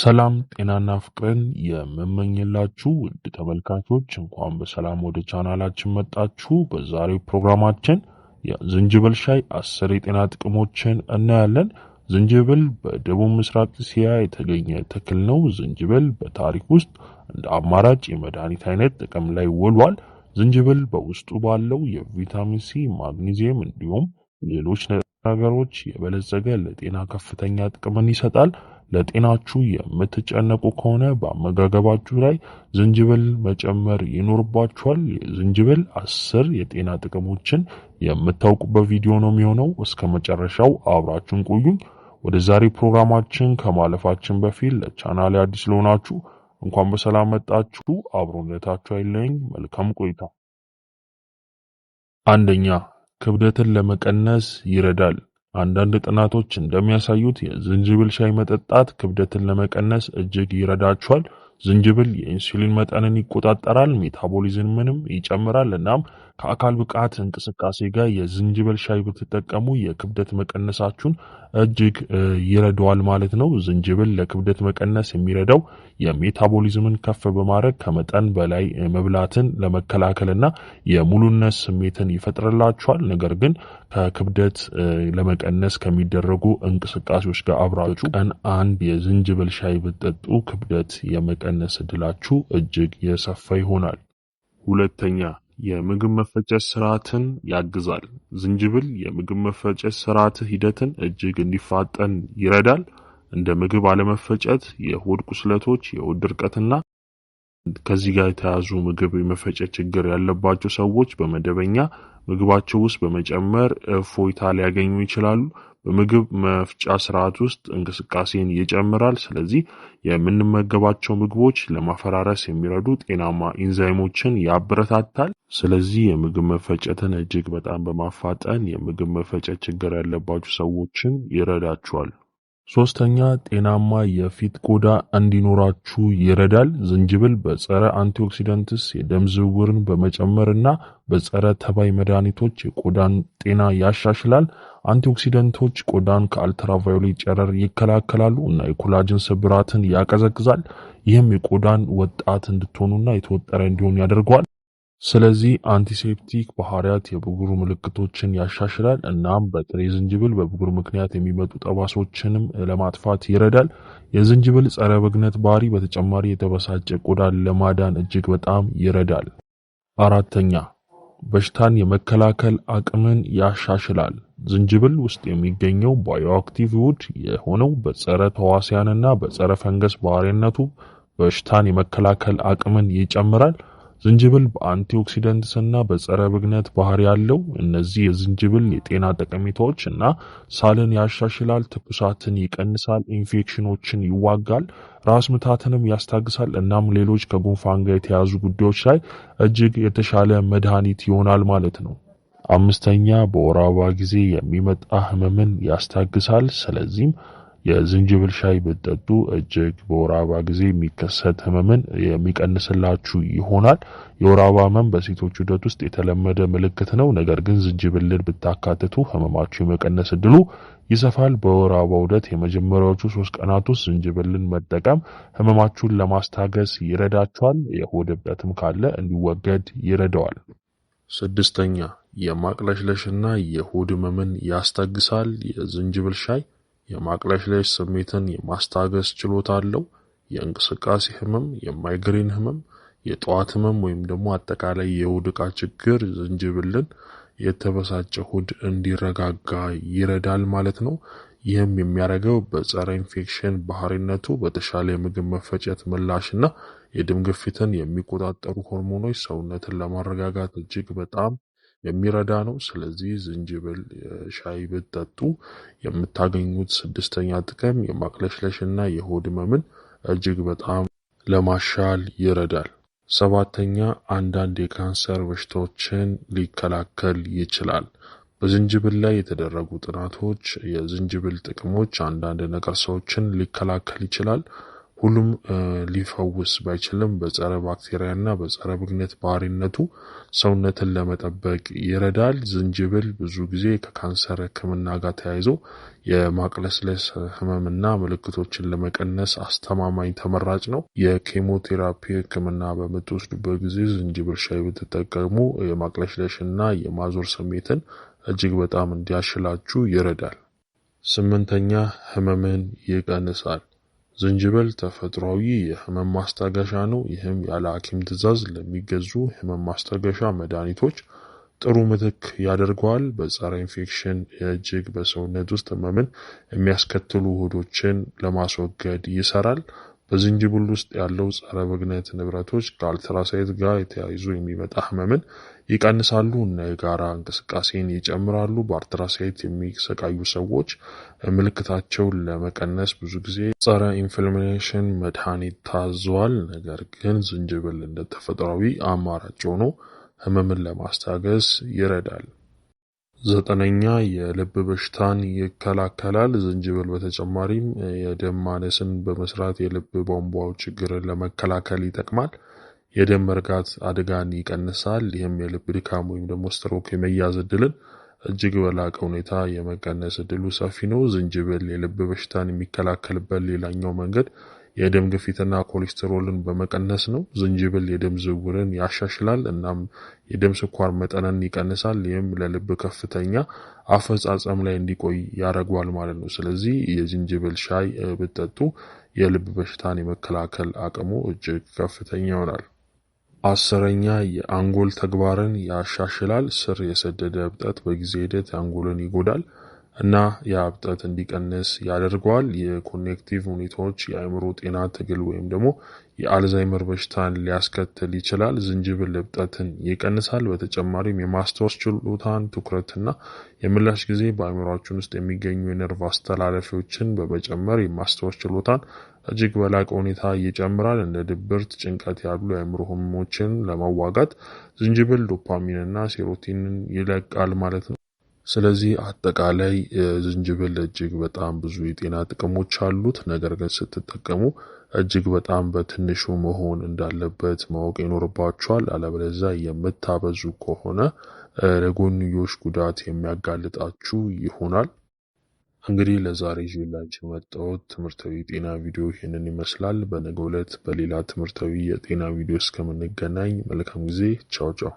ሰላም ጤናና ፍቅርን የምመኝላችሁ ውድ ተመልካቾች እንኳን በሰላም ወደ ቻናላችን መጣችሁ። በዛሬው ፕሮግራማችን የዝንጅብል ሻይ አስር የጤና ጥቅሞችን እናያለን። ዝንጅብል በደቡብ ምስራቅ እስያ የተገኘ ተክል ነው። ዝንጅብል በታሪክ ውስጥ እንደ አማራጭ የመድኃኒት አይነት ጥቅም ላይ ውሏል። ዝንጅብል በውስጡ ባለው የቪታሚን ሲ፣ ማግኒዚየም እንዲሁም ሌሎች ነገሮች የበለጸገ ለጤና ከፍተኛ ጥቅምን ይሰጣል። ለጤናችሁ የምትጨነቁ ከሆነ በአመጋገባችሁ ላይ ዝንጅብል መጨመር ይኖርባችኋል። ዝንጅብል አስር የጤና ጥቅሞችን የምታውቁበት ቪዲዮ ነው የሚሆነው። እስከ መጨረሻው አብራችሁን ቆዩኝ። ወደ ዛሬ ፕሮግራማችን ከማለፋችን በፊት ለቻናሌ አዲስ ለሆናችሁ እንኳን በሰላም መጣችሁ። አብሮነታችሁ አይለኝ። መልካም ቆይታ። አንደኛ ክብደትን ለመቀነስ ይረዳል። አንዳንድ ጥናቶች እንደሚያሳዩት የዝንጅብል ሻይ መጠጣት ክብደትን ለመቀነስ እጅግ ይረዳችኋል። ዝንጅብል የኢንሱሊን መጠንን ይቆጣጠራል፣ ሜታቦሊዝምንም ይጨምራል። እናም ከአካል ብቃት እንቅስቃሴ ጋር የዝንጅብል ሻይ ብትጠቀሙ የክብደት መቀነሳችሁን እጅግ ይረዳዋል ማለት ነው። ዝንጅብል ለክብደት መቀነስ የሚረዳው የሜታቦሊዝምን ከፍ በማድረግ ከመጠን በላይ መብላትን ለመከላከልና የሙሉነት ስሜትን ይፈጥርላችኋል። ነገር ግን ከክብደት ለመቀነስ ከሚደረጉ እንቅስቃሴዎች ጋር አብራችሁ ቀን አንድ የዝንጅብል ሻይ ብትጠጡ ክብደት የመቀነስ እድላችሁ እጅግ የሰፋ ይሆናል። ሁለተኛ የምግብ መፈጨት ስርዓትን ያግዛል። ዝንጅብል የምግብ መፈጨት ስርዓት ሂደትን እጅግ እንዲፋጠን ይረዳል። እንደ ምግብ አለመፈጨት፣ የሆድ ቁስለቶች፣ የሆድ ድርቀትና ከዚህ ጋር የተያዙ ምግብ የመፈጨት ችግር ያለባቸው ሰዎች በመደበኛ ምግባቸው ውስጥ በመጨመር እፎይታ ሊያገኙ ይችላሉ። በምግብ መፍጫ ስርዓት ውስጥ እንቅስቃሴን ይጨምራል። ስለዚህ የምንመገባቸው ምግቦች ለማፈራረስ የሚረዱ ጤናማ ኢንዛይሞችን ያበረታታል። ስለዚህ የምግብ መፈጨትን እጅግ በጣም በማፋጠን የምግብ መፈጨት ችግር ያለባቸው ሰዎችን ይረዳቸዋል። ሶስተኛ ጤናማ የፊት ቆዳ እንዲኖራችሁ ይረዳል። ዝንጅብል በጸረ አንቲኦክሲደንትስ የደም ዝውውርን በመጨመር እና በጸረ ተባይ መድኃኒቶች የቆዳን ጤና ያሻሽላል። አንቲኦክሲደንቶች ቆዳን ከአልትራቫዮሌት ጨረር ይከላከላሉ እና የኮላጅን ስብራትን ያቀዘቅዛል። ይህም የቆዳን ወጣት እንድትሆኑና የተወጠረ እንዲሆን ያደርገዋል። ስለዚህ አንቲሴፕቲክ ባህሪያት የብጉር ምልክቶችን ያሻሽላል እናም በጥሬ ዝንጅብል በብጉር ምክንያት የሚመጡ ጠባሶችንም ለማጥፋት ይረዳል። የዝንጅብል ጸረ ብግነት ባህሪ በተጨማሪ የተበሳጨ ቆዳን ለማዳን እጅግ በጣም ይረዳል። አራተኛ በሽታን የመከላከል አቅምን ያሻሽላል። ዝንጅብል ውስጥ የሚገኘው ባዮአክቲቭ ውድ የሆነው በጸረ ተዋሲያንና በጸረ ፈንገስ ባህሪነቱ በሽታን የመከላከል አቅምን ይጨምራል። ዝንጅብል በአንቲኦክሲደንትስ እና በጸረ ብግነት ባህሪ ያለው። እነዚህ የዝንጅብል የጤና ጠቀሜታዎች እና ሳልን ያሻሽላል፣ ትኩሳትን ይቀንሳል፣ ኢንፌክሽኖችን ይዋጋል፣ ራስ ምታትንም ያስታግሳል። እናም ሌሎች ከጉንፋን ጋር የተያዙ ጉዳዮች ላይ እጅግ የተሻለ መድኃኒት ይሆናል ማለት ነው። አምስተኛ በወር አበባ ጊዜ የሚመጣ ህመምን ያስታግሳል። ስለዚህም የዝንጅብል ሻይ ብትጠጡ እጅግ በወር አበባ ጊዜ የሚከሰት ህመምን የሚቀንስላችሁ ይሆናል። የወር አበባ ህመም በሴቶች ዑደት ውስጥ የተለመደ ምልክት ነው። ነገር ግን ዝንጅብልን ብታካትቱ ህመማችሁ የመቀነስ እድሉ ይሰፋል። በወር አበባ ዑደት የመጀመሪያዎቹ ሶስት ቀናት ውስጥ ዝንጅብልን መጠቀም ህመማችሁን ለማስታገስ ይረዳችኋል። የሆድ እብጠትም ካለ እንዲወገድ ይረዳዋል። ስድስተኛ የማቅለሽለሽና የሆድ ህመምን ያስታግሳል። የዝንጅብል ሻይ የማቅለሽለሽ ስሜትን የማስታገስ ችሎታ አለው። የእንቅስቃሴ ህመም፣ የማይግሬን ህመም፣ የጠዋት ህመም ወይም ደግሞ አጠቃላይ የሆድ ዕቃ ችግር ዝንጅብልን የተበሳጨ ሆድ እንዲረጋጋ ይረዳል ማለት ነው። ይህም የሚያደርገው በጸረ ኢንፌክሽን ባህሪነቱ በተሻለ የምግብ መፈጨት ምላሽና የደም ግፊትን የሚቆጣጠሩ ሆርሞኖች ሰውነትን ለማረጋጋት እጅግ በጣም የሚረዳ ነው። ስለዚህ ዝንጅብል ሻይ ብትጠጡ የምታገኙት ስድስተኛ ጥቅም የማቅለሽለሽ እና የሆድ ህመምን እጅግ በጣም ለማሻል ይረዳል። ሰባተኛ አንዳንድ የካንሰር በሽታዎችን ሊከላከል ይችላል። በዝንጅብል ላይ የተደረጉ ጥናቶች የዝንጅብል ጥቅሞች አንዳንድ ነቀርሳዎችን ሊከላከል ይችላል። ሁሉም ሊፈውስ ባይችልም በጸረ ባክቴሪያና በጸረ ብግነት ባህሪነቱ ሰውነትን ለመጠበቅ ይረዳል። ዝንጅብል ብዙ ጊዜ ከካንሰር ሕክምና ጋር ተያይዞ የማቅለስለስ ህመምና ምልክቶችን ለመቀነስ አስተማማኝ ተመራጭ ነው። የኬሞቴራፒ ሕክምና በምትወስዱበት ጊዜ ዝንጅብል ሻይ ብትጠቀሙ የማቅለሽለሽና የማዞር ስሜትን እጅግ በጣም እንዲያሽላችሁ ይረዳል። ስምንተኛ ህመምን ይቀንሳል። ዝንጅብል ተፈጥሯዊ የህመም ማስታገሻ ነው። ይህም ያለ ሐኪም ትዕዛዝ ለሚገዙ ህመም ማስታገሻ መድኃኒቶች ጥሩ ምትክ ያደርገዋል። በጸረ ኢንፌክሽን እጅግ በሰውነት ውስጥ ህመምን የሚያስከትሉ ውህዶችን ለማስወገድ ይሰራል። በዝንጅብል ውስጥ ያለው ጸረ ብግነት ንብረቶች ከአልትራሳይት ጋር የተያይዞ የሚመጣ ህመምን ይቀንሳሉ እና የጋራ እንቅስቃሴን ይጨምራሉ። በአርትራሳይት የሚሰቃዩ ሰዎች ምልክታቸውን ለመቀነስ ብዙ ጊዜ ጸረ ኢንፍላሜሽን መድኃኒት ታዟል ነገር ግን ዝንጅብል እንደ ተፈጥሯዊ አማራጭ ሆኖ ህመምን ለማስታገስ ይረዳል። ዘጠነኛ የልብ በሽታን ይከላከላል። ዝንጅብል በተጨማሪም የደም ማነስን በመስራት የልብ ቧንቧው ችግርን ለመከላከል ይጠቅማል። የደም መርጋት አደጋን ይቀንሳል። ይህም የልብ ድካም ወይም ደግሞ ስትሮክ የመያዝ እድልን እጅግ በላቀ ሁኔታ የመቀነስ እድሉ ሰፊ ነው። ዝንጅብል የልብ በሽታን የሚከላከልበት ሌላኛው መንገድ የደም ግፊትና ኮሌስትሮልን በመቀነስ ነው። ዝንጅብል የደም ዝውውርን ያሻሽላል እናም የደም ስኳር መጠንን ይቀንሳል። ይህም ለልብ ከፍተኛ አፈጻጸም ላይ እንዲቆይ ያደርገዋል ማለት ነው። ስለዚህ የዝንጅብል ሻይ ብትጠጡ የልብ በሽታን የመከላከል አቅሙ እጅግ ከፍተኛ ይሆናል። አስረኛ የአንጎል ተግባርን ያሻሽላል። ስር የሰደደ እብጠት በጊዜ ሂደት አንጎልን ይጎዳል። እና የአብ እንዲቀንስ ያደርገዋል። የኮኔክቲቭ ሁኔታዎች የአእምሮ ጤና ትግል ወይም ደግሞ የአልዛይመር በሽታን ሊያስከትል ይችላል። ዝንጅብል እብጠትን ይቀንሳል። በተጨማሪም የማስታወስ ችሎታን፣ ትኩረትና የምላሽ ጊዜ በአእምሯችን ውስጥ የሚገኙ የነርቭ አስተላለፊዎችን በመጨመር የማስታወስ ችሎታን እጅግ በላቀ ሁኔታ ይጨምራል። እንደ ድብርት፣ ጭንቀት ያሉ የአእምሮ ህመሞችን ለመዋጋት ዝንጅብል ዶፓሚንና ሴሮቲንን ይለቃል ማለት ነው። ስለዚህ አጠቃላይ ዝንጅብል እጅግ በጣም ብዙ የጤና ጥቅሞች አሉት። ነገር ግን ስትጠቀሙ እጅግ በጣም በትንሹ መሆን እንዳለበት ማወቅ ይኖርባቸዋል አለበለዚያ የምታበዙ ከሆነ ለጎንዮሽ ጉዳት የሚያጋልጣችሁ ይሆናል። እንግዲህ ለዛሬ ይዤላችሁ የመጣሁት ትምህርታዊ የጤና ቪዲዮ ይህንን ይመስላል። በነገው ዕለት በሌላ ትምህርታዊ የጤና ቪዲዮ እስከምንገናኝ መልካም ጊዜ። ቻው ቻው።